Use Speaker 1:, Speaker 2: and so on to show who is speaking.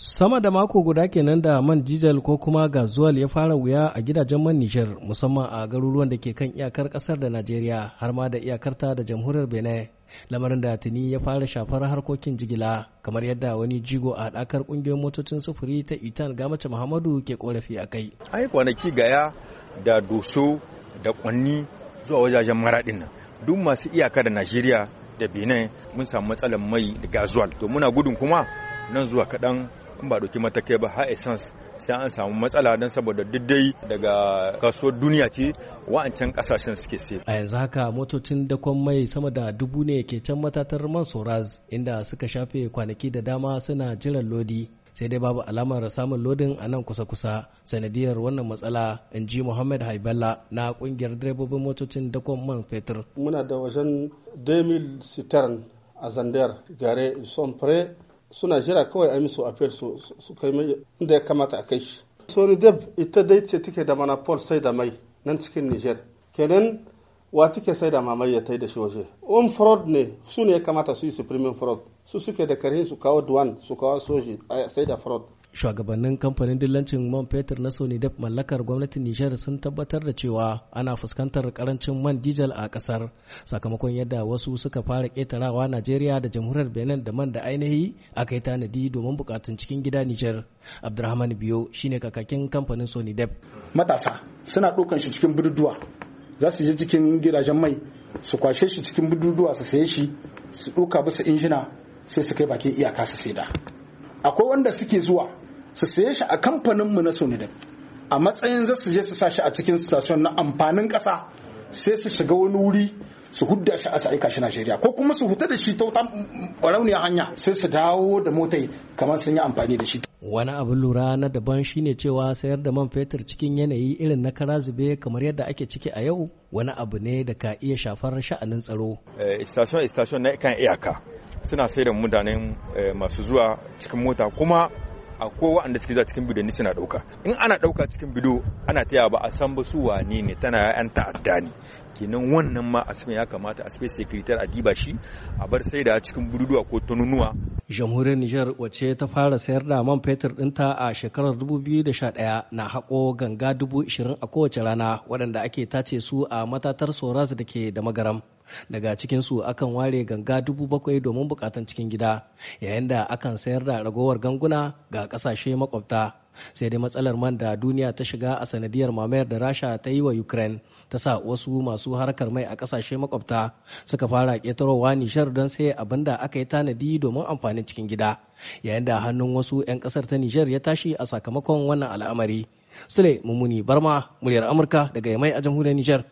Speaker 1: Sama da mako guda kenan da man diesel ko kuma gazuwal ya fara wuya a gidajen man Nijar musamman a garuruwan da ke kan iyakar kasar da Najeriya har ma da iyakarta da jamhuriyar Benin. Lamarin da tuni ya fara shafar harkokin jigila kamar yadda wani jigo a haɗakar ƙungiyoyin motocin sufuri ta Itan Gamace Muhammadu ke korafi a kai.
Speaker 2: Ai kwanaki gaya da doso da kwanni zuwa wajajen maraɗin nan duk masu iyaka da Najeriya da Benin mun samu matsalar mai da gazuwal to muna gudun kuma nan zuwa kaɗan in ba ɗauki matakai ba har essence sai an samu matsala don saboda diddai daga kasuwar duniya ce wa'ancan kasashen suke siye.
Speaker 1: A yanzu haka motocin dakon mai sama da dubu ne ke can matatar man Soraz inda suka shafe kwanaki da dama suna jiran lodi. Sai dai babu alamar samun lodin a nan kusa-kusa sanadiyar wannan matsala in ji Muhammad Haibala na kungiyar direbobin motocin dakon man fetur.
Speaker 3: Muna da wajen 2000 a Zandar gare son suna jira kawai a musu affair su su kai mai inda ya kamata a kai shi sony deb ita dai ce take da manapol sai da mai nan cikin niger kenan wa take sai da mamai ya tai da shi waje on fraud ne su ne ya kamata su yi supreme fraud su suke da karhin su kawo duwan su kawo soji a sai da fraud
Speaker 1: shugabannin kamfanin dillancin man fetur na sonidep mallakar gwamnatin nijar sun tabbatar da cewa ana fuskantar karancin man dijal a kasar sakamakon yadda wasu suka fara ketarawa najeriya da jamhuriyar benin da man da ainihi aka yi tanadi domin bukatun cikin gida nijar abdurrahman biyo shine kakakin kamfanin sonidep matasa
Speaker 4: suna ɗaukan shi cikin bududuwa za su je cikin gidajen mai su kwashe shi cikin bududuwa su saye shi su ɗauka bisa injina sai su kai bakin iyaka su saida akwai wanda suke zuwa su saye shi a kamfanin mu na Sonidep a matsayin za su je su sa shi a cikin station na amfanin ƙasa sai su shiga wani wuri su hudda shi a aika shi Najeriya ko kuma su huta da shi ta wata barauniyar hanya sai su dawo da motai kamar sun yi amfani
Speaker 2: da shi.
Speaker 1: Wani abin lura na daban shine cewa sayar da man fetur cikin yanayi irin na kara zube kamar yadda ake ciki a yau wani abu ne da ka iya shafar sha'anin tsaro.
Speaker 2: Istashon eh, istashon na kan iyaka suna sayar da mutanen eh, masu zuwa cikin mota kuma a kowa waɗanda suke zuwa cikin bidon ni suna ɗauka in ana ɗauka cikin bido ana taya ba a san ba su wane ne tana yan ta'adda ne kenan wannan ma asibin ya kamata a space secretary a diba shi a bar sai da cikin bududuwa ko tununuwa
Speaker 1: jamhuriyar Nijar wace ta fara sayar da man fetur ɗinta a shekarar 2011 na haƙo ganga 20,000 a kowace rana waɗanda ake tace su a matatar Soras da ke da magaram. Daga cikinsu akan ware ganga 7,000 domin bukatan cikin gida, yayin da akan sayar da ragowar ganguna ga ƙasashe makwabta. sai dai matsalar man da duniya ta shiga a sanadiyar mamayar da rasha ta yi wa ukraine ta sa wasu masu harkar mai a kasashe makwabta suka fara ketarowa nishar don sai abin da aka yi tanadi domin amfanin cikin gida yayin da hannun wasu 'yan kasar ta nijar ya tashi a sakamakon wannan al'amari sule mummuni barma muryar amurka daga yamai a jamhuriyar nijar